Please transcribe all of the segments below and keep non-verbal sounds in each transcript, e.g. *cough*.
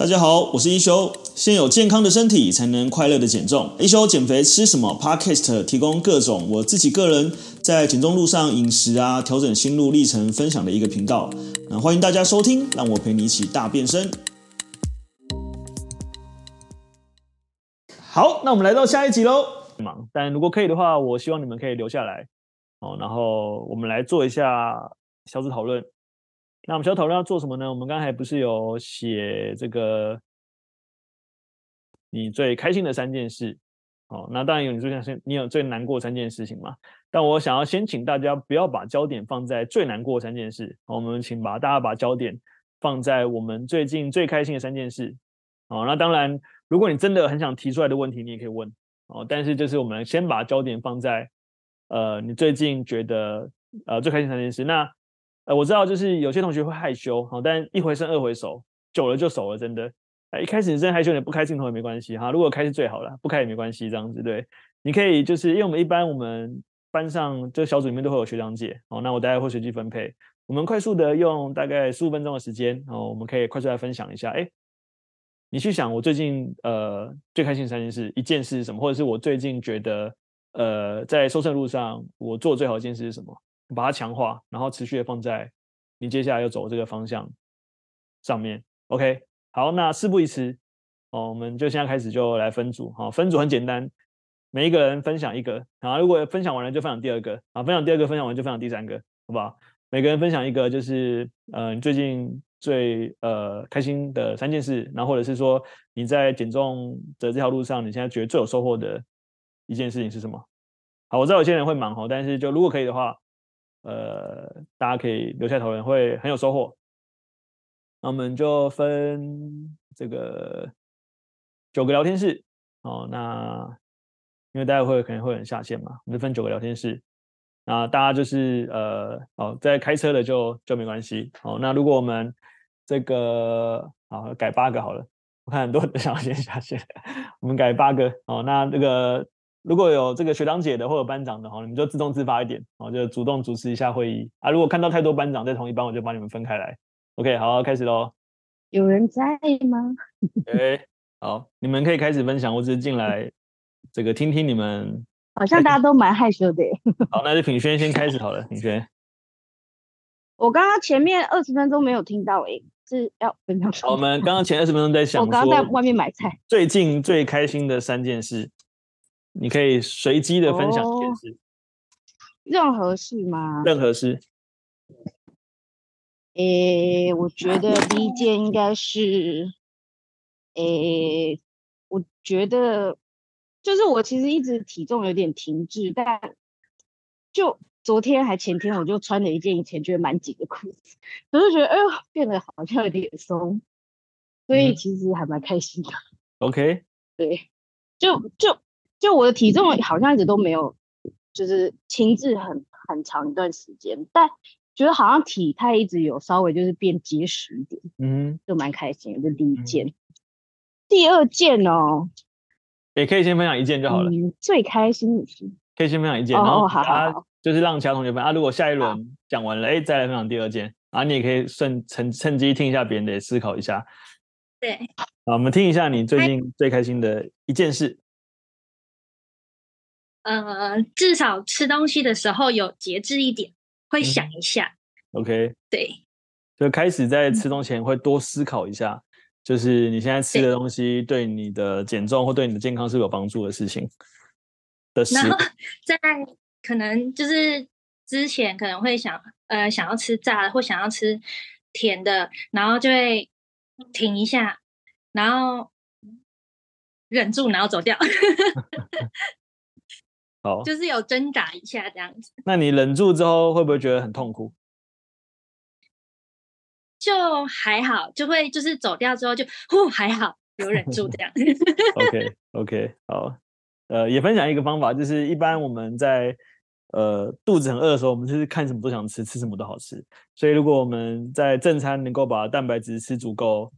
大家好，我是一休。先有健康的身體，才能快樂的減重。一休減肥吃什麼 Podcast 提供各種我自己個人在減重路上飲食啊，調整心路歷程分享的一個頻道。那歡迎大家收聽，讓我陪你一起大變身。好，那我們來到下一集嘍。忙，但如果可以的話，我希望你們可以留下來。哦，然後我們來做一下小組討論。那我們需要討論要做什麼呢？我們剛才不是有寫這個你最開心的三件事哦。那當然有，你最想先，你有最難過三件事情嘛？但我想要先請大家不要把焦點放在最難過三件事。我們請把大家把焦點放在我們最近最開心的三件事哦。那當然，如果你真的很想提出來的問題，你也可以問哦。但是，就是我們先把焦點放在呃，你最近覺得呃最開心的三件事那。呃、我知道，就是有些同學會害羞，好、哦，但一回生二回熟，久了就熟了，真的。哎、一開始你真的害羞，你不開鏡頭也沒關係哈，如果開是最好了，不開也沒關係，這樣子對。你可以就是，因為我們一般我們班上就小組裡面都會有學長姐，哦，那我待會會隨機分配，我們快速的用大概十五分鐘的時間，哦，我們可以快速來分享一下，哎、欸，你去想我最近呃最開心的三件事，一件事是什麼，或者是我最近覺得呃在瘦身路上我做的最好的一件事是什麼？把它強化，然後持續的放在你接下來要走這個方向上面。OK，好，那事不宜遲哦，我們就現在開始就來分組。好，哦，分組很簡單，每一個人分享一個。然後如果分享完了就分享第二個，啊，分享第二個分享完了就分享第三個，好不好？每個人分享一個，就是呃你最近最呃開心的三件事，然後或者是說你在減重的這條路上，你現在覺得最有收穫的一件事情是什麼？好，我知道有些人會忙哦，但是就如果可以的話。呃，大家可以留下討論，會很有收穫。那我們就分這個九個聊天室哦。那因為待會可能會有人下線嘛，我們就分九個聊天室。那大家就是呃，哦，在開車的就就沒關係。哦，那如果我們這個好改八個好了，我看很多人都想要先下線， *laughs* 我們改八個。好，哦，那這個。如果有這個學長姐的，或者班長的話，你們就自動自發一點，然後就主動主持一下會議啊。如果看到太多班長在同一班，我就把你們分開來。OK，好，開始嘍。有人在嗎？哎、 *laughs* OK，好，你們可以開始分享，我只是進來這個聽聽你們。好像大家都蠻害羞的。 *laughs* 好，那就品軒先開始好了， *laughs* 品軒。我剛剛前面二十分鐘沒有聽到，哎，是要分享什麼？我們剛剛前二十分鐘在想，我剛剛在外面買菜。最近最開心的三件事。你可以隨機的分享一件事。哦，任何事嗎？任何事。誒、欸，我覺得第一件應該是，誒、欸，我覺得就是我其實一直體重有點停滯，但就昨天還前天，我就穿了一件以前覺得蠻緊的褲子，可是覺得哎呦變得好像有點鬆，所以其實還蠻開心的。OK，、嗯、對，就、okay. 就。就就我的體重好像一直都沒有，就是停滯很很長一段時間，但覺得好像體態一直有稍微就是變結實一點，嗯，就蠻開心的。這第一件、嗯，第二件哦，也可以先分享一件就好了。嗯、最開心的事，可以先分享一件，哦、然後好好好好、啊、就是讓其他同學分啊，如果下一輪講完了，哎，再來分享第二件，啊，你也可以順趁趁，趁機聽一下別人的也思考一下，對、啊，我們聽一下你最近最開心的一件事。呃，至少吃東西的時候有節制一點，會想一下、嗯。OK，對，就開始在吃東西前會多思考一下、嗯，就是你現在吃的東西對你的減重或對你的健康是有幫助的事情的事。然後，在可能就是之前可能會想，呃，想要吃炸的或想要吃甜的，然後就會停一下，然後忍住，然後走掉。 *laughs* *laughs* 好，就是有掙扎一下這樣子。那你忍住之後會不會覺得很痛苦？就還好，就會就是走掉之後就哦，還好，有忍住這樣。 *laughs* OK OK，好，呃，也分享一個方法，就是一般我們在呃肚子很餓的時候，我們就是看什麼都想吃，吃什麼都好吃。所以如果我們在正餐能夠把蛋白質吃足夠，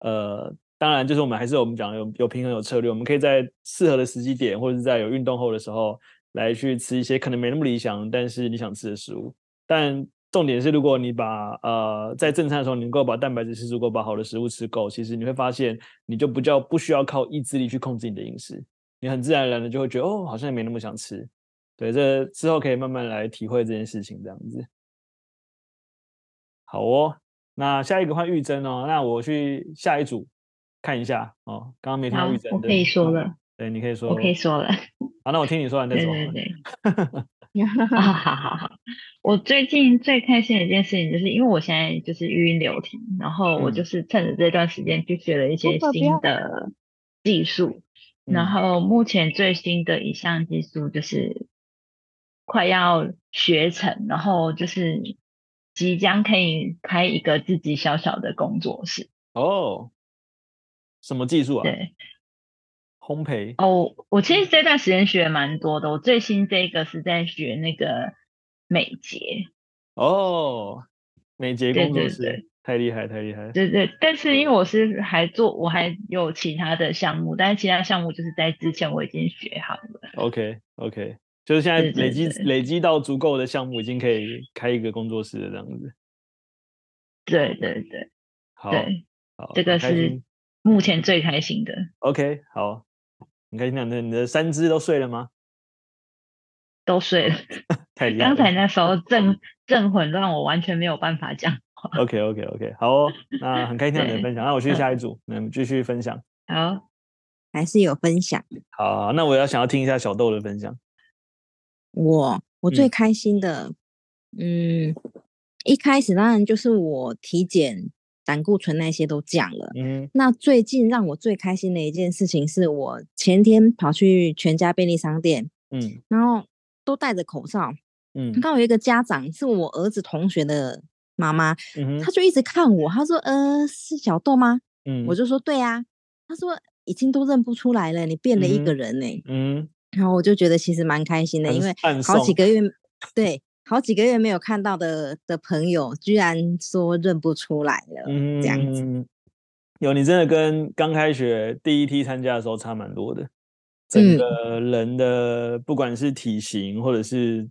呃。當然，就是我們還是我們講有有平衡有策略，我們可以在適合的時機點，或者是在有運動後的時候，來去吃一些可能沒那麼理想，但是你想吃的食物。但重點是，如果你把呃在正餐的時候你能夠把蛋白質吃足夠，把好的食物吃夠，其實你會發現你就比較不需要靠意志力去控制你的飲食，你很自然而然的就會覺得哦好像也沒那麼想吃。對，這之後可以慢慢來體會這件事情這樣子。好哦，那下一個換玉珍哦，那我去下一組。看一下哦，剛剛沒跳、啊、我可以說了，嗯、對，你可以說，我可以說了。好、啊，那我聽你說完再說。 *laughs* 對對對，哈哈哈哈哈。好好好，我最近最開心的一件事情，就是因為我現在就是育嬰留停，然後我就是趁着這段時間去學了一些新的技術、嗯，然後目前最新的一項技術就是快要學成，然後就是即將可以開一個自己小小的工作室哦。什麼技術啊？對，烘焙哦，oh, 我其實在這段時間學蠻多的。我最新這一個是在學那個美睫哦，oh, 美睫工作室太厲害，太厲害。厲害，對，對對，但是因為我是還做，我還有其他的項目，但是其他項目就是在之前我已經學好了。OK OK，就是現在累積累積到足夠的項目，已經可以開一個工作室的這樣子。對對對，對，對，好，好，這個是。目前最開心的，OK，好，很開心。你你的三隻都睡了嗎？都睡了， *laughs* 太厲害。剛才那時候正正混亂，讓我完全沒有辦法講話。OK，OK，OK，、okay, okay, okay. 好、哦，那很開心聽你的分享。 *laughs* 那我去下一組，我們繼續分享。好，還是有分享。好，那我要想要聽一下小豆的分享。我我最開心的嗯，嗯，一開始當然就是我體檢。膽固醇那些都降了。嗯。那最近讓我最開心的一件事情是我前天跑去全家便利商店。嗯。然後都戴着口罩。嗯。剛有一個家長是我兒子同學的媽媽。嗯。他就一直看我，他說：“呃，是小豆嗎？”嗯。我就說：“對啊。”他說：“已經都認不出來了，你變了一個人呢、欸。”嗯。嗯。然後我就覺得其實蠻開心的，因為好幾個月。對。 *laughs* 好幾個月沒有看到的的朋友，居然說認不出來了，嗯、這樣子。有，你真的跟剛開學第一梯參加的時候差蠻多的，整個人的不管是體型或者是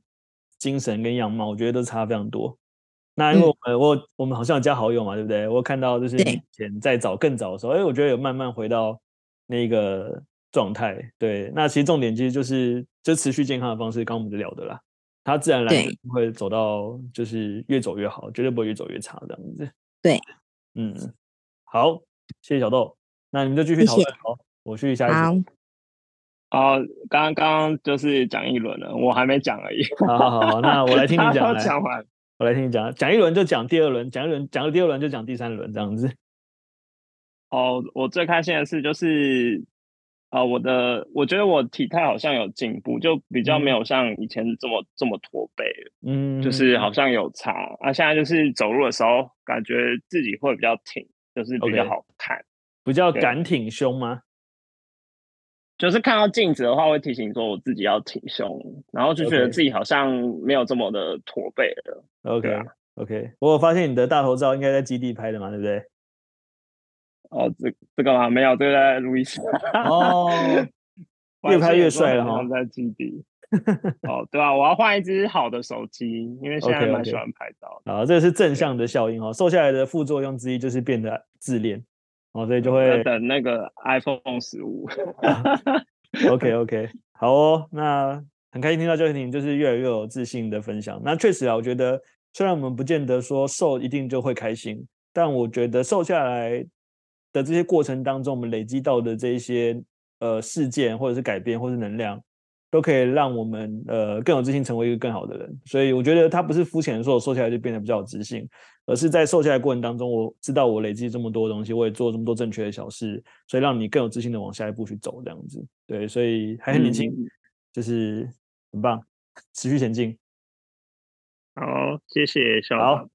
精神跟樣貌，我覺得都差非常多。那因為我們、嗯、我我們好像有加好友嘛，對不對？我看到就是以前再早更早的時候，哎、欸，我覺得有慢慢回到那個狀態。對，那其實重點其實就是就持續健康的方式，剛剛我們就聊的啦。他自然而然會走到，就是越走越好，絕對就就不會越走越差這樣子。對，嗯，好，謝謝小豆，那你們就繼續討論。好，我去下一組。好，剛剛就是講一輪了，我還沒講而已。好好好，那我來聽你講。我來聽你講。講一輪就講第二輪，講一輪講到第二輪就講第三輪這樣子。哦，我最開心的事就是。啊、呃，我的，我覺得我體態好像有進步，就比較沒有像以前這麼、嗯、這麼駝背，嗯，就是好像有差啊。現在就是走路的時候，感覺自己會比較挺，就是比較好看，okay. 比較敢挺胸嗎？就是看到鏡子的話，會提醒說我自己要挺胸，然後就覺得自己好像沒有這麼的駝背了。OK、啊、o、okay. k、okay. 我有發現你的大頭照應該在基地拍的嘛，對不對？哦，這這個啊沒有，對對，路易斯哦，越拍越帥了哈，然後在基地， *laughs* 哦，對啊，我要換一支好的手機，因為現在還蠻喜歡拍照啊、okay, okay.，這個、是正向的效應哦，瘦下來的副作用之一就是變得自戀哦，所以就會就等那個 iPhone 十五、啊、 *laughs* ，OK OK，好哦，那很開心聽到焦婷婷就是越來越有自信的分享，那確實啊，我覺得雖然我們不見得說瘦一定就會開心，但我覺得瘦下來。在這些過程當中，我們累積到的這一些呃事件，或者是改變，或者是能量，都可以讓我們呃更有自信，成為一個更好的人。所以我覺得它不是膚淺的時候瘦下來就變得比較有自信，而是在瘦下來的過程當中，我知道我累積這麼多東西，我也做這麼多正確的小事，所以讓你更有自信的往下一步去走，這樣子。對，所以還很年輕，就是很棒，持續前進。好，謝謝小。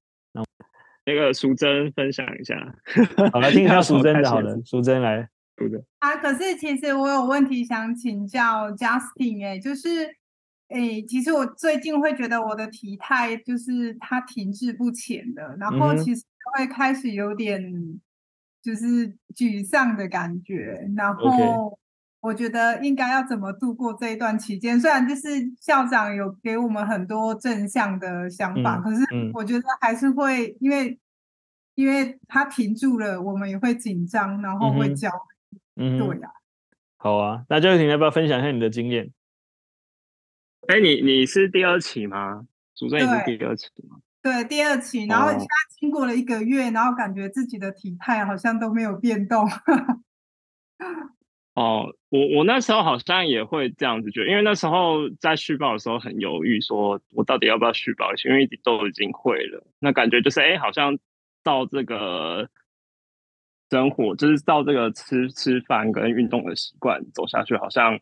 那個淑珍，分享一下， *laughs* 好來聽一下淑珍。的，好的， *laughs* 淑珍來讀的啊。可是其實我有問題想請教 Justin 誒、欸，就是誒、欸，其實我最近會覺得我的體態就是它停滯不前的，然後其實會開始有點就是沮喪的感覺，然後、嗯。然後我覺得應該要怎麼度過這一段期間？雖然就是校長有給我們很多正向的想法，嗯嗯、可是我覺得還是會，因為因為他停住了，我們也會緊張，然後會焦嗯,嗯，對啊。好啊，那焦慧你要不要分享一下你的經驗？哎，你你是第二期嗎？主隊是第二期嗎？對，對，第二期。然後現在經過了一個月，oh. 然後感覺自己的體態好像都沒有變動。 *laughs* 哦，我我那時候好像也會這樣子覺得，因為那時候在續報的時候很猶豫，說我到底要不要續報一下，因為都已經會了。那感覺就是，哎、欸，好像到這個生活，就是到這個吃吃飯跟運動的習慣走下去，好像。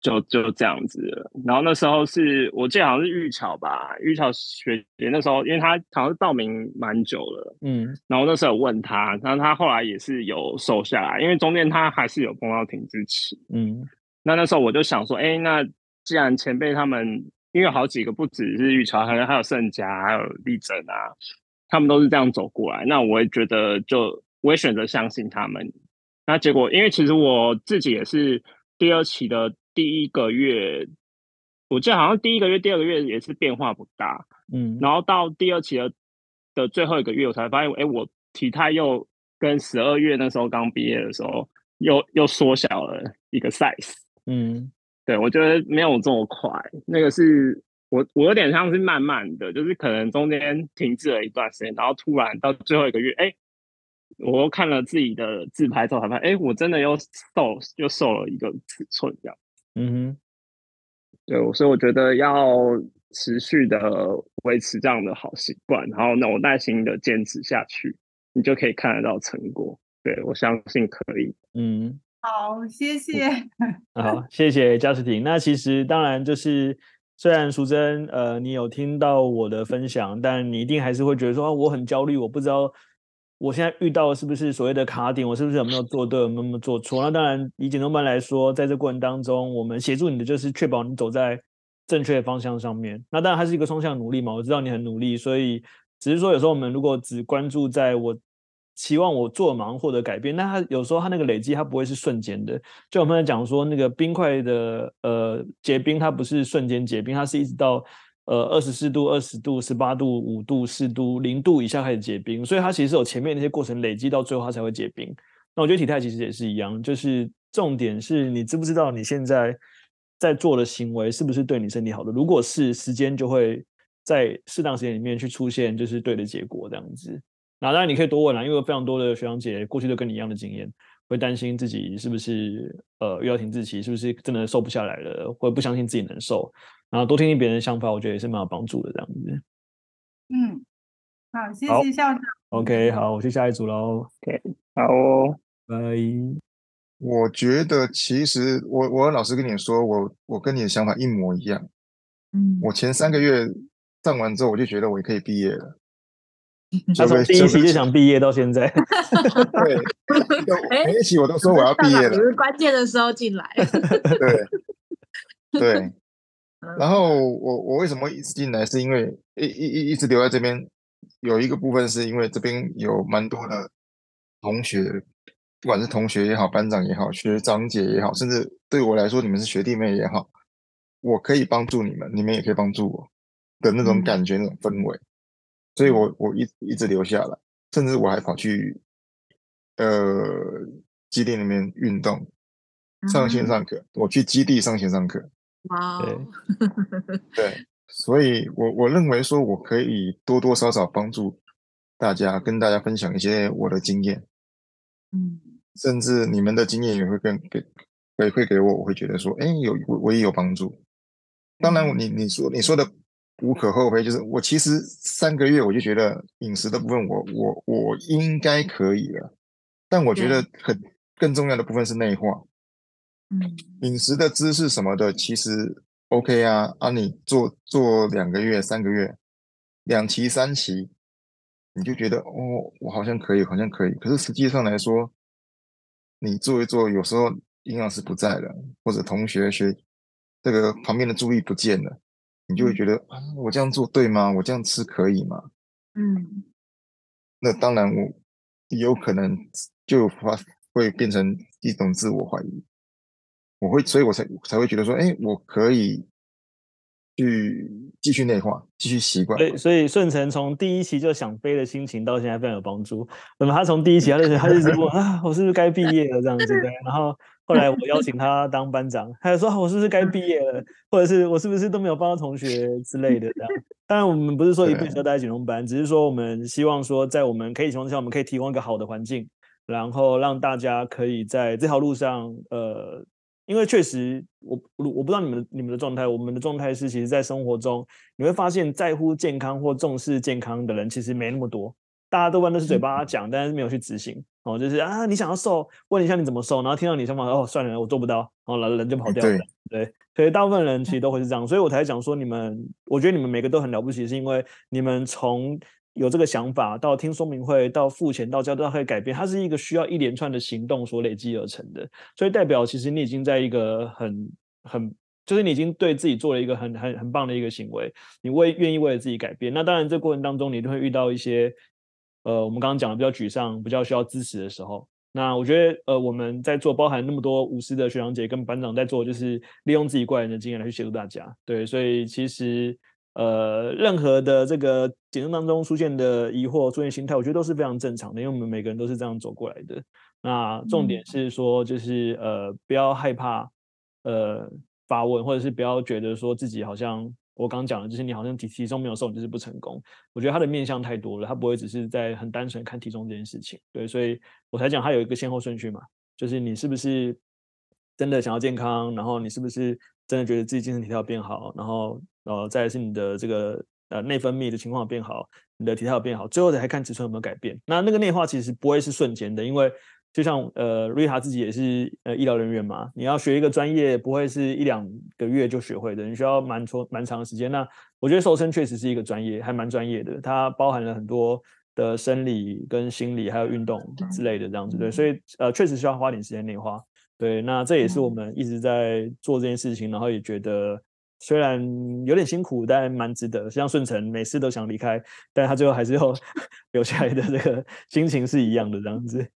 就就這樣子了，然後那時候是我記得好像是玉橋吧，玉橋學姐那時候，因為他好像是報名蠻久了，嗯，然後那時候我問他，然後他後來也是有瘦下來，因為中間他還是有碰到停滯期，嗯，那那時候我就想說，哎、欸，那既然前輩他們因為好幾個不只是玉橋，好像還有盛家，還有立正啊，他們都是這樣走過來，那我也覺得就我也選擇相信他們，那結果因為其實我自己也是第二期的。第一個月，我記得好像第一個月，第二個月也是變化不大，嗯，然後到第二期的的最後一個月，我才發現，哎，我體態又跟十二月那時候剛畢業的時候，又又縮小了一個 size，嗯，對，我覺得沒有這麼快，那個是我我有點像是慢慢的，就是可能中間停滯了一段時間，然後突然到最後一個月，哎，我又看了自己的自拍照，才發現，哎，我真的又瘦又瘦了一個尺寸，這樣。嗯哼，對，所以我覺得要持續的維持這樣的好習慣，然後那我耐心的堅持下去，你就可以看得到成果。對，我相信可以。嗯，好，謝謝，嗯、好， *laughs* 謝謝加斯汀。Justin. 那其實當然就是，雖然淑珍，呃，你有聽到我的分享，但你一定還是會覺得說，啊、我很焦慮，我不知道。我現在遇到的是不是所謂的卡點？我是不是有沒有做對，有沒有做錯？那當然，以減重班來說，在這過程當中，我們協助你的就是確保你走在正確的方向上面。那當然，它是一個雙向努力嘛。我知道你很努力，所以只是說有時候我們如果只關注在我期望我做馬上獲得改變，那它有時候它那個累積它不會是瞬間的。就我們在講說那個冰塊的呃結冰，它不是瞬間結冰，它是一直到。呃，二十四度、二十度、十八度、五度、四度、零度以下開始結冰，所以它其實有前面那些過程累積到最後才會結冰。那我覺得體態其實也是一樣，就是重點是你知不知道你現在在做的行為是不是對你身體好的？如果是，時間就會在適當時間裡面去出現，就是對的結果這樣子。那當然你可以多問啦、啊，因為有非常多的學長姐過去都跟你一樣的經驗。會擔心自己是不是呃又要停滯期，是不是真的瘦不下來了？或者不相信自己能瘦，然後多聽聽別人的想法，我覺得也是蠻有幫助的這樣子。嗯，好，謝謝校長。好 OK，好，我去下一組嘍。OK，好哦，拜。我覺得其實我我老實跟你說，我我跟你的想法一模一樣。嗯，我前三個月上完之後，我就覺得我也可以畢業了。他從第一期就想畢業，到現在。 *laughs* 對，每一期我都說我要畢業了。只、欸、是關鍵的時候進來。對對。然後我我為什麼一直進來，是因為一一一,一直留在這邊，有一個部分是因為這邊有蠻多的同學，不管是同學也好，班長也好，學長姐也好，甚至對我來說，你們是學弟妹也好，我可以幫助你們，你們也可以幫助我的那種感覺，嗯、那種氛圍。所以我，我我一一直留下來，甚至我還跑去呃基地裡面運動、上線上課、嗯。我去基地上線上課。哇、哦！欸、 *laughs* 對，所以我我認為說，我可以多多少少幫助大家，跟大家分享一些我的經驗。嗯，甚至你們的經驗也會更給回饋給我，我會覺得說，哎、欸，有我，我也有幫助。當然你，你你說你說的。無可厚非，就是我其實三個月我就覺得飲食的部分我，我我我應該可以了。但我覺得很更重要的部分是內化。飲食的知識什麼的，其實 OK 啊。啊你做做兩個月、三個月，兩期、三期，你就覺得哦，我好像可以，好像可以。可是實際上來說，你做一做，有時候營養師不在了，或者同學學這個旁邊的助力不見了。你就會覺得啊，我這樣做對嗎？我這樣吃可以嗎？嗯，那當然，我有可能就發會變成一種自我懷疑。我會，所以我才我才會覺得說，誒，我可以去繼續內化，繼續習慣。所以順成從第一期就想飛的心情到現在非常有幫助。那麼他從第一期他就覺得他就一直問 *laughs* 啊，我是不是該畢業了？這樣子的，然後。 *laughs* 後來我邀請他當班長，他就說：“我是不是該畢業了？或者是我是不是都沒有幫到同學之類的？”這樣。當然，我們不是說一輩子都待在減重班，啊，只是說我們希望說，在我們可以情況下，我們可以提供一個好的環境，然後讓大家可以在這條路上，呃，因為確實，我我不知道你們的你們的狀態，我們的狀態是，其實，在生活中，你會發現，在乎健康或重視健康的人，其實沒那麼多，大家多半都是嘴巴講，嗯，但是沒有去執行。哦，就是啊，你想要瘦，問一下你怎麼瘦，然後聽到你想法，哦，算了，我做不到，然後人就跑掉了。對，可是大部分人其實都會是這樣，所以我才講說你們，我覺得你們每個都很了不起，是因為你們從有這個想法，到聽說明會，到付錢，到家都要可以改變，它是一個需要一連串的行動所累積而成的，所以代表其實你已經在一個很很，就是你已經對自己做了一個很很很棒的一個行為，你為願意為了自己改變。那當然這過程當中你都會遇到一些。呃，我們剛剛講的比較沮喪，比較需要支持的時候，那我覺得，呃，我們在做包含那麼多無私的學長姐，姐跟班長在做，就是利用自己過來人的經驗來去協助大家，對，所以其實，呃，任何的這個減重當中出現的疑惑、出現心態，我覺得都是非常正常的，因為我們每個人都是這樣走過來的。那重點是說，就是呃，不要害怕，呃，發問，或者是不要覺得說自己好像。我剛講的就是你好像體體重沒有瘦，你就是不成功。我覺得他的面向太多了，他不會只是在很單純看體重這件事情。對，所以我才講他有一個先後順序嘛，就是你是不是真的想要健康，然後你是不是真的覺得自己精神體態變好，然後，呃、哦，再是你的這個呃內分泌的情況變好，你的體態變好，最後才看尺寸有沒有改變。那那個內化其實不會是瞬間的，因為。就像呃，瑞塔自己也是呃醫療人員嘛，你要學一個專業，不會是一兩個月就學會的，你需要蠻長蠻長的時間。那我覺得瘦身確實是一個專業，還蠻專業的，它包含了很多的生理跟心理，還有運動之類的這樣子。對，所以呃，確實需要花點時間內化。對，那這也是我們一直在做這件事情，然後也覺得雖然有點辛苦，但蠻值得。像順成每次都想離開，但他最後還是要留下來的這個心情是一樣的這樣子。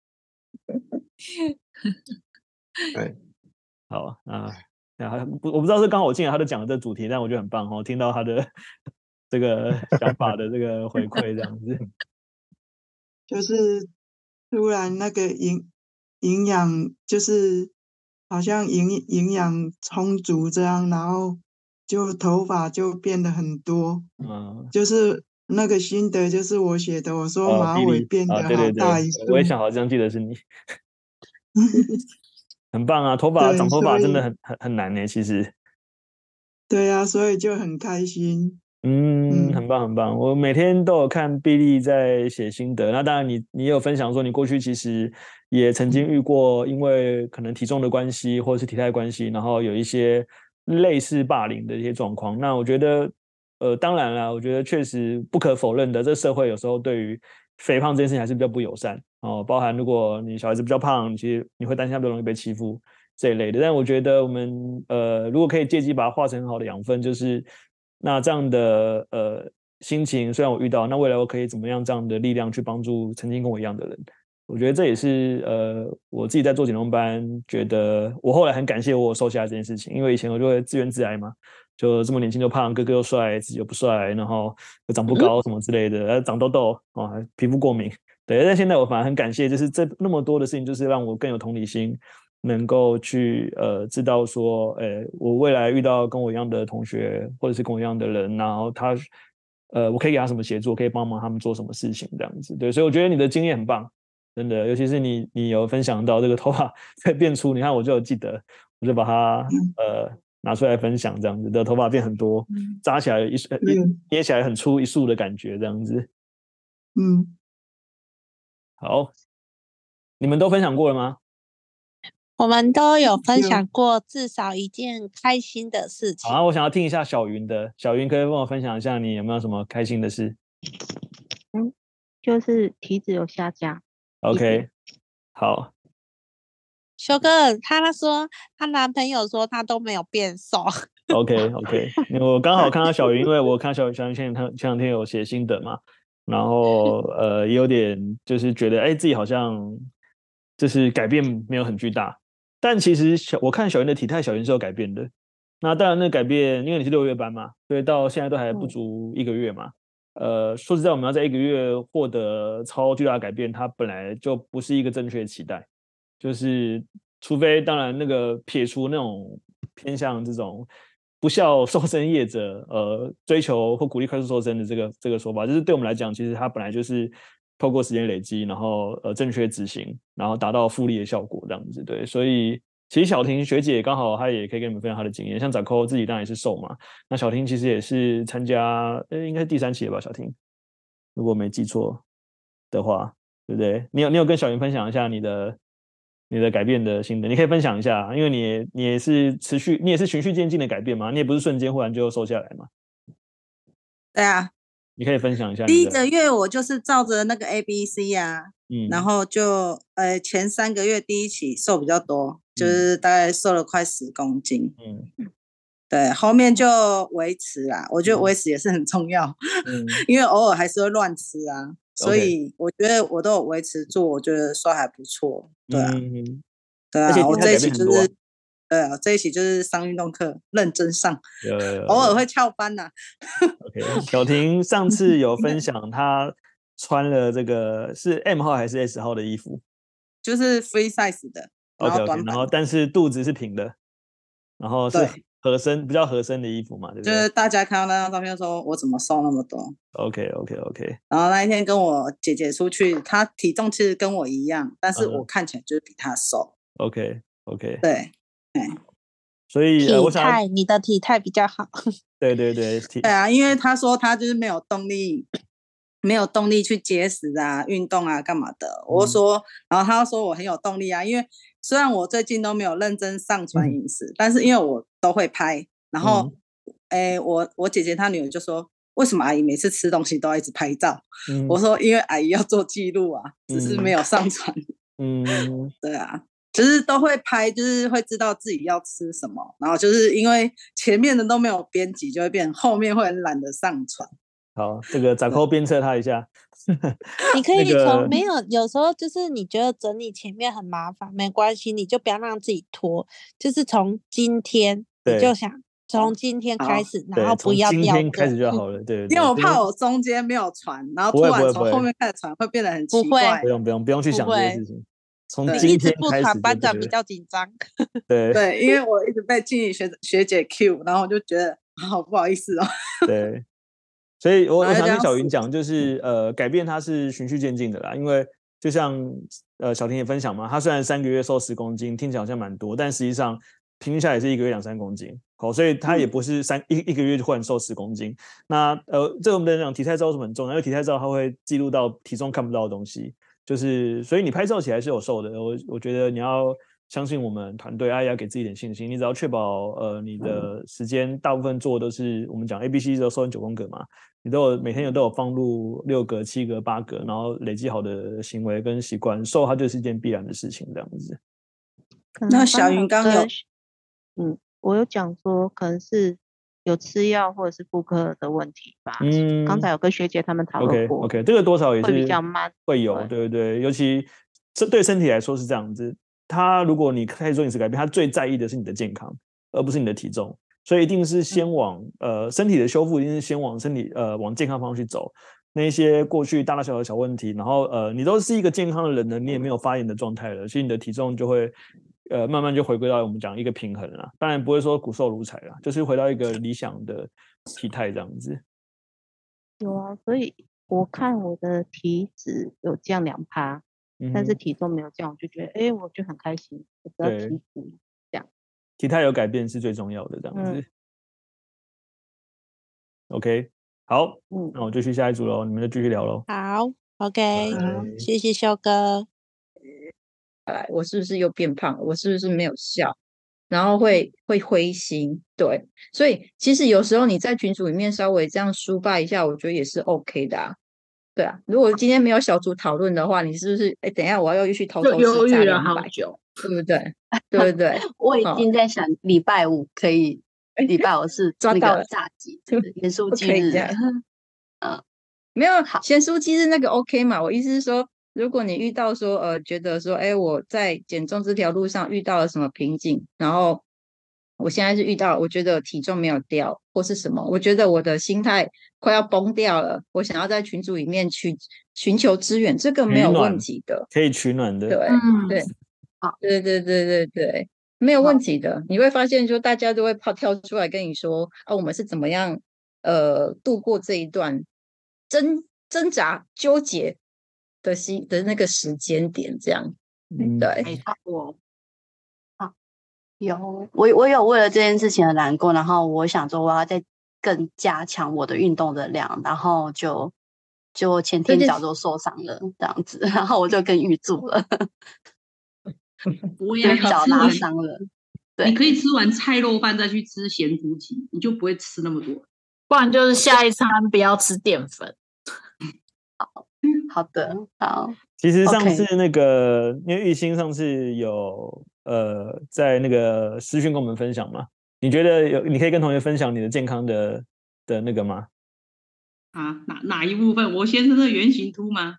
*laughs* 對，好啊，然後不，我不知道是剛好我進來，他都講了這主題，但我覺得很棒哦，聽到他的這個想法的這個回饋，這樣子，就是突然那個營營養，就是好像營營養充足這樣，然後就頭髮就變得很多，嗯，就是。那個心得就是我寫的，我說馬尾變得好大一、哦哦、對對對，我也想好像記得是你， *laughs* 很棒啊！頭髮長，頭髮真的很很很難誒、欸，其實。對啊，所以就很開心。嗯，很棒很棒，嗯、我每天都有看比利在寫心得。那當然你，你你有分享說你過去其實也曾經遇過，因為可能體重的關係或是體態關係，然後有一些類似霸凌的一些狀況。那我覺得。呃，當然啦，我覺得確實不可否認的，這社會有時候對於肥胖這件事情還是比較不友善哦。包含如果你小孩子比較胖，其實你會擔心他比較容易被欺負這一類的。但我覺得我們呃，如果可以借機把它化成很好的養分，就是那這樣的呃心情。雖然我遇到那未來我可以怎麼樣這樣的力量去幫助曾經跟我一樣的人？我覺得這也是呃我自己在做減重班，覺得我後來很感謝我瘦下來這件事情，因為以前我就會自怨自艾嘛。就這麼年輕就胖，哥哥又帥，自己又不帥，然後又長不高什麼之類的，呃，長痘痘啊，皮膚過敏，對。但現在我反而很感謝，就是這那麼多的事情，就是讓我更有同理心，能夠去呃知道說，哎，我未來遇到跟我一樣的同學或者是跟我一樣的人，然後他呃，我可以給他什麼協助，可以幫忙他們做什麼事情，這樣子。對，所以我覺得你的經驗很棒，真的，尤其是你你有分享到這個頭髮在變粗，你看我就有記得，我就把它呃。拿出來分享這樣子的頭髮變很多，嗯、扎起來一束、嗯，捏起來很粗一束的感覺這樣子。嗯，好，你們都分享過了嗎？我們都有分享過至少一件開心的事情、嗯、好啊！我想要聽一下小雲的，小雲可以跟我分享一下你有沒有什麼開心的事？嗯，就是體脂有下降。OK，好。小哥，他他說，她男朋友說，他都沒有變瘦。OK OK，我剛好看到小雲， *laughs* 因為我看到小小雲前兩天前兩天有寫心得嘛，然後呃也有點就是覺得，哎，自己好像就是改變沒有很巨大，但其實小我看小雲的體態，小雲是有改變的。那當然，那個改變因為你是六月班嘛，所以到現在都還不足一個月嘛。嗯、呃，說實在，我們要在一個月獲得超巨大改變，它本來就不是一個正確的期待。就是，除非，當然那個撇除那種偏向這種不肖瘦身業者，呃，追求或鼓勵快速瘦身的這個這個說法，就是對我們來講，其實它本來就是透過時間累積，然後呃正確執行，然後達到複利的效果這樣子。對，所以其實小婷學姐剛好她也可以跟你們分享她的經驗，像展科自己當然也是瘦嘛，那小婷其實也是參加，哎，應該是第三期了吧，小婷，如果沒記錯的話，對不對？你有你有跟小雲分享一下你的？你的改變的心得，你可以分享一下，因為你你也是持續，你也是循序漸進的改變嘛，你也不是瞬間忽然就瘦下來嘛。對啊。你可以分享一下。第一個月我就是照着那個 A B C 呀，啊，嗯，然後就呃前三個月第一期瘦比較多，嗯，就是大概瘦了快十公斤，嗯，對，後面就維持啦，啊。我覺得維持也是很重要，嗯、 *laughs* 因為偶爾還是會亂吃啊。Okay. 所以我覺得我都有維持住，我覺得說還不錯，對啊，mm -hmm. 對啊。而且你還改變很多、啊。呃、就是，對啊、這一期就是上運動課，認真上，偶爾、哦、會翹班吶、啊。OK， *laughs* 小婷上次有分享，她穿了這個是 M 號還是 S 號的衣服？ *laughs* 就是 free size 的。然後短版的 okay, OK，然後但是肚子是平的，然後對。合身，比較合身的衣服嘛，對對，就是大家看到那張照片說，我怎麼瘦那麼多？OK，OK，OK。Okay, okay, okay. 然後那一天跟我姐姐出去，她體重其實跟我一樣，但是我看起來就是比她瘦。OK，OK，、okay, okay. 對對。所以，呃、我想態，你的體態比較好。 *laughs* 對對對，對體，對啊，因為她說她就是沒有動力，沒有動力去節食啊、運動啊、幹嘛的、嗯。我說，然後她說我很有動力啊，因為。雖然我最近都沒有認真上傳飲食，嗯，但是因為我都會拍，然後，誒、嗯欸，我我姐姐她女兒就說，為什麼阿姨每次吃東西都要一直拍照？嗯、我說因為阿姨要做記錄啊，只是沒有上傳。嗯， *laughs* 對啊，就是都會拍，就是會知道自己要吃什麼，然後就是因為前面的都沒有編輯，就會變後面會很懶得上傳。好，這個展酷鞭策他一下。 *laughs* 你可以從、 *laughs* 那個、沒有，有時候就是你覺得整理前面很麻煩，沒關係，你就不要讓自己拖，就是從今天，你就想從今天開始，然後不要不要。今天開始就好了，嗯、對，對，對。因為我怕我中間沒有傳、嗯，然後突然從後面開始傳會，會，會變得很奇怪。不用不用不用，不用去想這些事情，從你一直不傳。班長比較緊張。對 *laughs* 對，因為我一直被靜怡學學姐 Q，然後我就覺得好不好意思哦、喔。對。所以，我我想跟小云講，就是呃，改變它是循序漸進的啦。因為就像呃小婷也分享嘛，她雖然三個月瘦十公斤，聽起來好像蠻多，但實際上平均下來也是一個月兩三公斤。好，所以她也不是三一一個月就忽然瘦十公斤。那呃，這個我們在講體態照是很重的，因為體態照它會記錄到體重看不到的東西，就是所以你拍照起來是有瘦的。我我覺得你要相信我們團隊，哎呀，要給自己一點信心。你只要確保呃，你的時間大部分做的都是我們講 A、B、C 之後瘦成九宮格嘛。你都有每天有都有放入六格、七格、八格，然後累積好的行為跟習慣，瘦它就是一件必然的事情，這樣子。那小雲剛剛嗯，我有講說,、嗯、我有講說可能是有吃藥或者是婦科的問題吧。嗯，剛才有跟學姐他們討論過。OK，OK，、okay, okay, 這個多少也是比較慢，會有，對不對，尤其這對身體來說是這樣子。他如果你可以做飲食改變，他最在意的是你的健康，而不是你的體重。所以一定是先往呃身體的修復，一定是先往身體呃往健康方向去走。那些過去大大小小小問題，然後呃你都是一個健康的人呢，你也沒有發炎的狀態了，所以你的體重就會呃慢慢就回歸到我們講一個平衡了。當然不會說骨瘦如柴啦，就是回到一個理想的體態這樣子。有啊，所以我看我的體脂有降兩趴，但是體重沒有降，我就覺得哎、欸、我就很開心，只要體態有改變是最重要的，這樣子、嗯。OK，好，嗯，那我就去下一組嘍、嗯，你們就繼續聊嘍。好，OK，、Bye、好謝謝休哥。來，我是不是又變胖了？我是不是沒有笑？然後會會灰心，對。所以其實有時候你在群組裡面稍微這樣抒發一下，我覺得也是 OK 的、啊。對啊，如果今天沒有小組討論的話，你是不是？哎、欸，等一下，我要又去偷偷私在不對， *laughs* 對不對？對不對，我已經在想禮拜五可以，禮拜五是那個炸雞，鹹酥雞。啊、 *laughs* *laughs* 嗯，沒有，鹹酥雞那個 OK 嘛？我意思是說，如果你遇到說呃，覺得說，哎，我在減重這條路上遇到了什麼瓶頸，然後我現在是遇到，我覺得體重沒有掉或是什麼，我覺得我的心態快要崩掉了，我想要在群組裡面去尋求支援，這個沒有問題的，可以取暖的，對、嗯、對。對對對對對，沒有問題的。你會發現，說大家都會跑跳出來跟你說，啊，我們是怎麼樣，呃，度過這一段掙、掙扎、糾結的心的那個時間點，這樣。嗯，對。哎、我有我我有為了這件事情而難過，然後我想說我要再更加強我的運動的量，然後就就前天腳就受傷了，這樣子，然後我就更鬱卒了。 *laughs* 不要找，啊、拉傷了，對。你可以吃完菜肉飯再去吃鹹酥雞，你就不會吃那麼多。不然就是下一餐不要吃澱粉。好，好的，好。 *laughs* 其實上次那個，okay。因為玉興上次有呃在那個私訊跟我們分享嘛，你覺得有你可以跟同學分享你的健康的的那個嗎？啊，哪哪一部分？我先生的圓形禿嗎、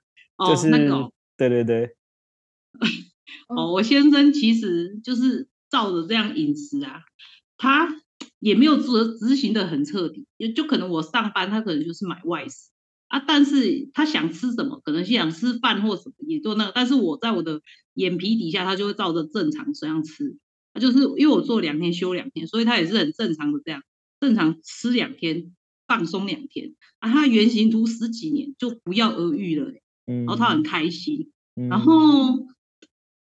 就是？哦，就、那、是、個哦、對對對。 *laughs* 哦，我先生其實就是照着這樣飲食啊，他也沒有執執行得很徹底，就就可能我上班，他可能就是買外食啊，但是他想吃什麼，可能是想吃飯或什麼，也做那個，但是我在我的眼皮底下，他就會照着正常這樣吃，啊、就是因為我做兩天休兩天，所以他也是很正常的這樣，正常吃兩天，放鬆兩天啊，他原型圖十幾年就不藥而癒了，然後他很開心，嗯嗯、然後。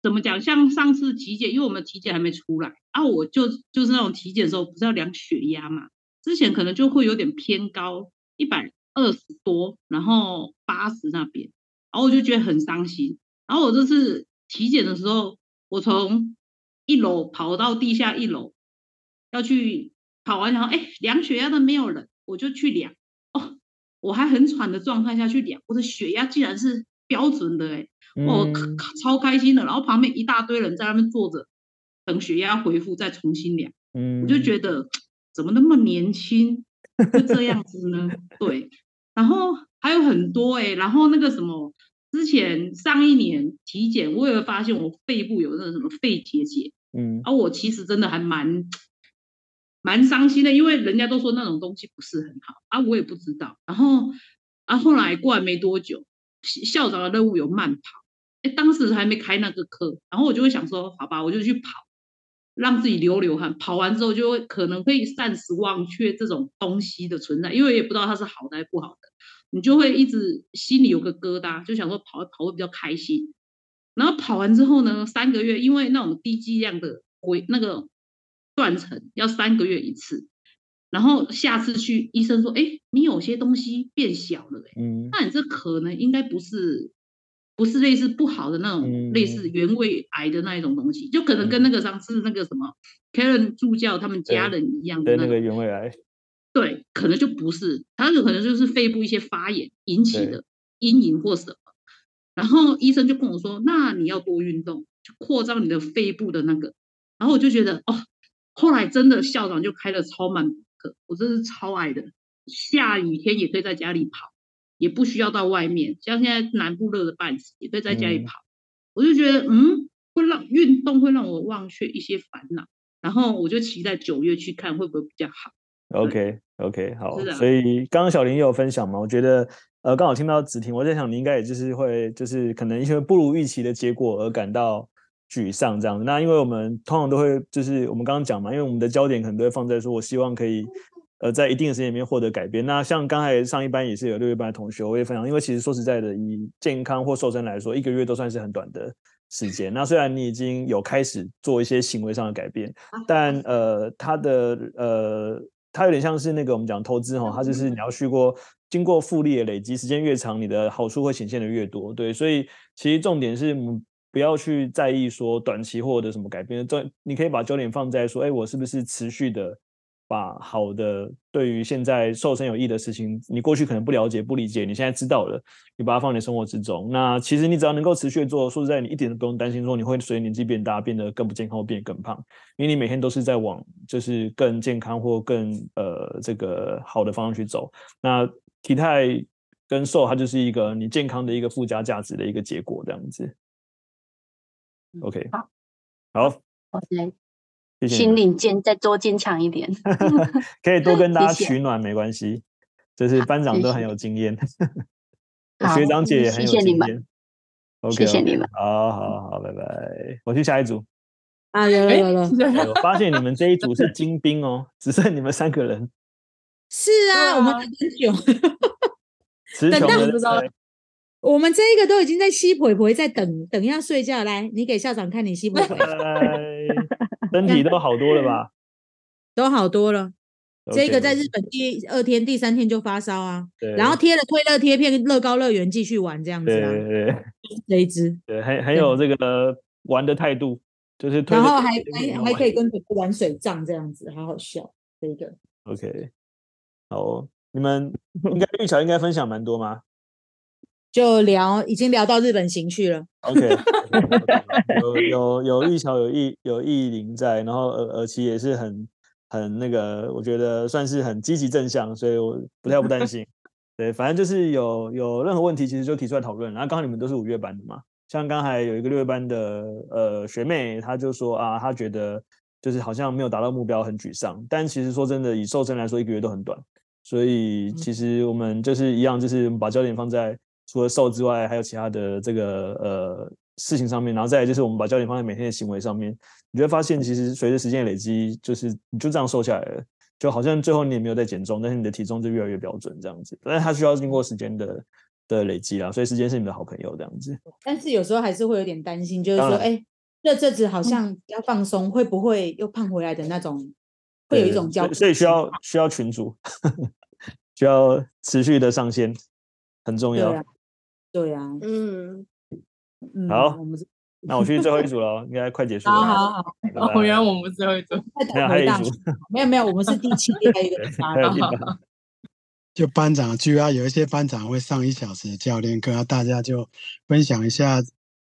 怎麼講？像上次體檢，因為我們體檢還沒出來，然後、啊、我就就是那種體檢的時候，不是要量血壓嘛？之前可能就會有點偏高，一百二十多，然後八十那邊，然後我就覺得很傷心。然後我這次體檢的時候，我從一樓跑到地下一樓，要去跑完然後，哎，量血壓都沒有人，我就去量，哦，我還很喘的狀態下去量，我的血壓竟然是。標準的，哎、欸，我、哦、超開心的。嗯、然後旁邊一大堆人在那邊坐着，等血壓恢復再重新量。嗯，我就覺得怎麼那麼年輕就這樣子呢？ *laughs* 對。然後還有很多哎、欸，然後那個什麼，之前上一年體檢，我有發現我肺部有那個什麼肺結節。嗯、而、啊、我其實真的還蠻蠻傷心的，因為人家都說那種東西不是很好啊，我也不知道。然後，然、啊、後來過來沒多久。校長的任務有慢跑，哎、欸，當時還沒開那個課，然後我就會想說，好吧，我就去跑，讓自己流流汗。跑完之後，就會可能會暫時忘卻這種東西的存在，因為也不知道它是好的還是不好的，你就會一直心裡有個疙瘩，就想說跑跑會比較開心。然後跑完之後呢，三個月，因為那種低劑量的回那個斷層要三個月一次。然後下次去醫生說，哎，你有些東西變小了誒，嗯，那你這可能應該不是，不是類似不好的那種，嗯、類似原位癌的那一種東西，就可能跟那個上次那個什麼、嗯、Karen 助教他們家人一樣的那，那、那個原位癌，對，可能就不是，他有可能就是肺部一些發炎引起的陰影或什麼，然後醫生就跟我說，那你要多運動，就擴張你的肺部的那個，然後我就覺得哦，後來真的校長就開了超慢。我真是超愛的，下雨天也可以在家裡跑，也不需要到外面。像現在南部熱的半死，也可以在家裡跑。嗯、我就覺得，嗯，會讓運動會讓我忘卻一些煩惱。然後我就期待九月去看會不會比較好。OK OK，好。所以剛剛小林也有分享嘛，我覺得，呃，剛好聽到子婷，我在想，你應該也就是會，就是可能因為不如預期的結果而感到。沮喪這樣子，那因為我們通常都會就是我們剛剛講嘛，因為我們的焦點可能都會放在說，我希望可以呃在一定的時間裡面獲得改變。那像剛才上一班也是有六月班的同學，我也分享，因為其實說實在的，以健康或瘦身來說，一個月都算是很短的時間。那雖然你已經有開始做一些行為上的改變，但呃，它的呃，它有點像是那個我們講投資哈，它就是你要去過經過複利的累積，時間越長，你的好處會顯現的越多。對，所以其實重點是，不要去在意說短期或者什麼改變，這你可以把焦點放在說，哎，我是不是持續的把好的、對於現在瘦身有益的事情，你過去可能不了解、不理解，你現在知道了，你把它放在你生活之中。那其實你只要能夠持續的做，說實在，你一點都不用擔心說你會隨年紀變大變得更不健康或變得更胖，因為你每天都是在往就是更健康或更呃，這個好的方向去走。那體態跟瘦它就是一個你健康的一個附加價值的一個結果，這樣子。OK，好，好 o、okay. 心靈堅再多堅強一點， *laughs* *laughs* 可以多跟大家取暖沒關係，這、就是班長都很有經驗， *laughs* 學長姐也很有經驗，OK，謝謝你們，okay. 好好好，拜拜，我去下一組，啊、哎，有了有有、哎，我發現你們這一組是精兵哦， *laughs* 只剩你們三個人，是啊，啊我們很窮。窮 *laughs* 的很。等等我們這一個都已經在吸婆婆，在等等一下睡覺。來，你給校長看你吸婆婆。 *laughs* 身體都好多了吧？ *laughs* 都好多了。Okay. 這個在日本第二天、第三天就發燒啊。然後貼了退熱貼片，樂高樂園繼續玩這樣子啊。對對對。這一隻。對，還很有這個玩的態度，就是。然後還還還可以跟婆婆玩水仗這樣子，好好笑。這一個。OK。好，你們應該玉橋應該分享蠻多嗎？就聊已經聊到日本行去了。OK, okay, okay, okay. *laughs* 有有有一橋有一有毅林在，然後耳耳其也是很很那個，我覺得算是很積極正向，所以我不太不擔心。 *laughs* 對，反正就是有有任何問題，其實就提出來討論。然後剛好你們都是五月班的嘛，像剛才有一個六月班的呃學妹，她就說啊，她覺得就是好像沒有達到目標，很沮喪。但其實說真的，以瘦身來說，一個月都很短，所以其實我們就是一樣，就是把焦點放在。除了瘦之外，還有其他的這個呃事情上面，然後再來，就是我們把焦點放在每天的行為上面，你就會發現其實隨着時間累積，就是你就這樣瘦下來了，就好像最後你也沒有在減重，但是你的體重就越來越標準這樣子。但是它需要經過時間的的累積啦，所以時間是你的好朋友這樣子。但是有時候還是會有點擔心，就是說，哎，這、欸、陣子好像要放鬆、嗯，會不會又胖回來的那種？會有一種焦慮，所以需要需要群組， *laughs* 需要持續的上線，很重要。對呀、啊嗯，嗯，好我們是，那我去最後一組了， *laughs* 應該快結束了。好好好，哦，原來我們最後一組，沒有還有 *laughs* 沒有,沒有我們是第七隊， *laughs* 還有一個班啊。 *laughs* 就班長，居然有一些班長會上一小時的教練課，大家就分享一下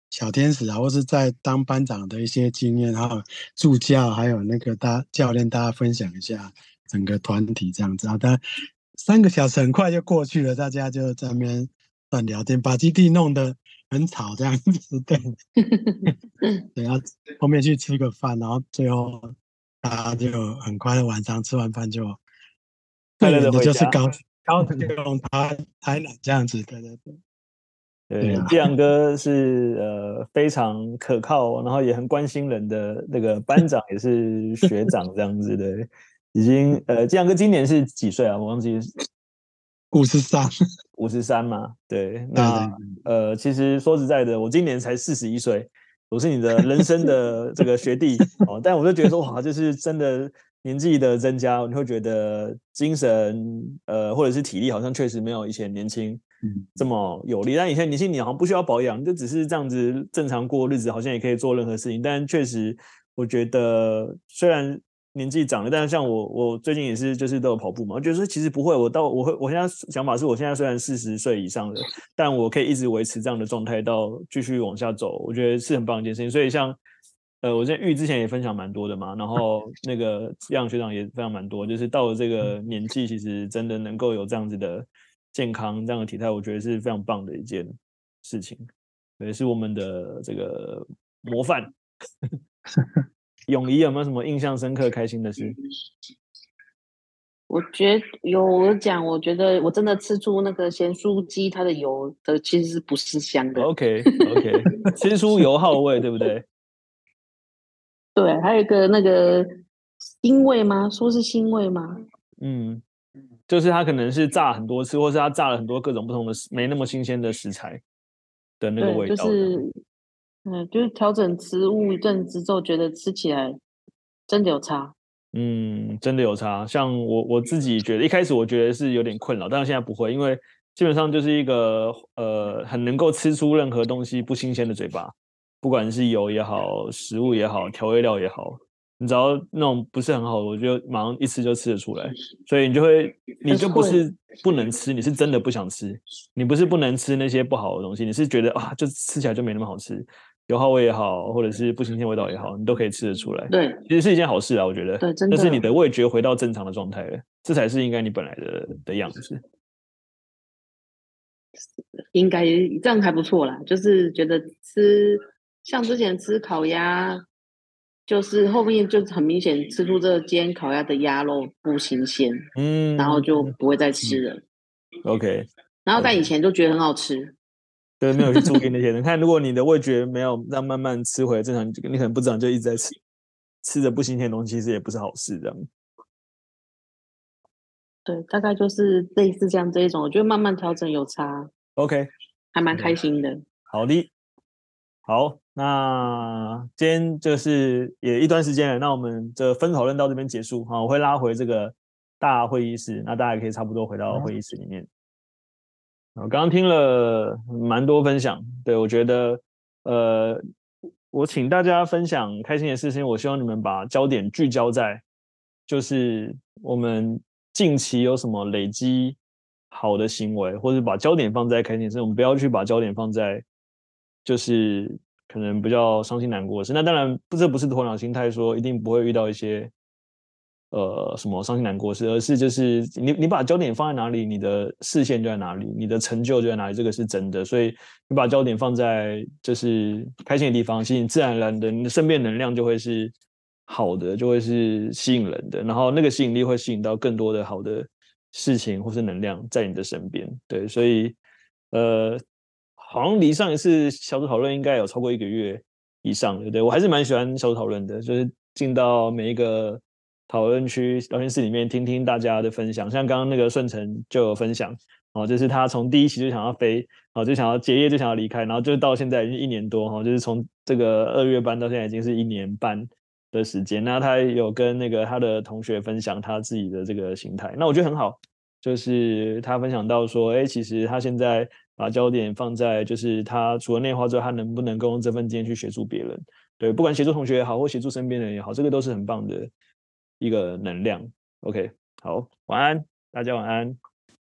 小天使啊，或是在當班長的一些經驗，然後助教還有那個大教練，大家分享一下整個團體這樣子啊。但三個小時很快就過去了，大家就在那邊。亂聊天，把基地弄得很吵，這樣子對。然 *laughs* 下後面去吃個飯，然後最後他就很快晚上吃完飯就。個人的就是高高跟用他抬奶這樣子，對對對。對，志陽哥是呃非常可靠，然後也很關心人的那個班長也是學長這樣子的。 *laughs* 已經呃，志陽哥今年是幾歲啊？我忘記。五十三，五十三嘛，對，那對對對呃，其實說實在的，我今年才四十一歲，我是你的人生的這個學弟 *laughs* 哦。但我就覺得說，哇，就是真的年紀的增加，你會覺得精神呃，或者是體力好像確實沒有以前年輕這麼有力。但以前年輕你好像不需要保養，就只是這樣子正常過日子，好像也可以做任何事情。但確實，我覺得雖然。年紀長了，但是像我，我最近也是，就是都有跑步嘛。我覺得說其實不會，我到我會，我現在想法是我現在雖然四十歲以上的，但我可以一直維持這樣的狀態到繼續往下走。我覺得是很棒一件事情。所以像呃，我現在遇之前也分享蠻多的嘛，然後那個楊學長也非常蠻多，就是到了這個年紀，其實真的能夠有這樣子的健康這樣的體態，我覺得是非常棒的一件事情。也是我們的這個模範。 *laughs* 永儀有沒有什麼印象深刻、開心的事？我覺得有，我講，我覺得我真的吃出那個鹹酥雞，它的油的其實是不是香的。Oh, OK OK， *laughs* 吃酥油好味，對不對？對，還有一個那個腥味嗎？說是腥味嗎？嗯，就是它可能是炸很多次，或是它炸了很多各種不同的、沒那麼新鮮的食材的那個味道。嗯，就是調整食物一陣子之後，覺得吃起來真的有差。嗯，真的有差。像我我自己覺得，一開始我覺得是有點困擾，但是現在不會，因為基本上就是一個呃，很能夠吃出任何東西不新鮮的嘴巴，不管是油也好，食物也好，調味料也好，你只要那種不是很好的，我就馬上一吃就吃得出來。所以你就會，你就不是不能吃，你是真的不想吃。你不是不能吃那些不好的東西，你是覺得啊，就吃起來就沒那麼好吃。油耗味也好，或者是不新鮮味道也好，你都可以吃得出來。對，其實是一件好事啊，我覺得。對，真的。但是你的味覺回到正常的狀態了，這才是應該你本來的的樣子。應該這樣還不錯啦，就是覺得吃像之前吃烤鴨，就是後面就很明顯吃出這間烤鴨的鴨肉不新鮮，嗯，然後就不會再吃了。嗯、OK。然後在以前就覺得很好吃。嗯 *laughs* 對，沒有去注意那些，你看，如果你的味覺沒有讓慢慢吃回正常，你你可能不正常就一直在吃吃着不新鮮的東西，其實也不是好事，這樣。對，大概就是類似這樣這一種，我覺得慢慢調整有差。OK，還蠻開心的。Okay. 好的，好，那今天就是也一段時間了，那我們這分討論到這邊結束好，啊，我會拉回這個大會議室，那大家也可以差不多回到會議室裡面。嗯我剛剛聽了蠻多分享，對，我覺得，呃，我請大家分享開心的事情。我希望你們把焦點聚焦在，就是我們近期有什麼累積好的行為，或者把焦點放在開心的事情，我們不要去把焦點放在，就是可能比較傷心難過的事。那當然，這不是鴕鳥心態說，說一定不會遇到一些。呃，什麼傷心難過事？而是就是你，你把焦點放在哪裡，你的視線就在哪裡，你的成就就在哪裡，這個是真的。所以你把焦點放在就是開心的地方，其實自然而然的，你的身邊的能量就會是好的，就會是吸引人的。然後那個吸引力會吸引到更多的好的事情或是能量在你的身邊。對，所以呃，好像離上一次小組討論應該有超過一個月以上，對不對？我還是蠻喜歡小組討論的，就是進到每一個。討論區、聊天室裡面聽聽大家的分享，像剛剛那個順成就有分享哦，就是他從第一期就想要飛哦，就想要結業，就想要離開，然後就到現在已經一年多哈、哦，就是從這個二月班到現在已經是一年半的時間。那他有跟那個他的同學分享他自己的這個心態，那我覺得很好，就是他分享到說，哎、欸，其實他現在把焦點放在就是他除了內化之外，他能不能夠用這份經驗去協助別人，對，不管協助同學也好，或協助身邊人也好，這個都是很棒的。一個能量，OK，好，晚安，大家晚安。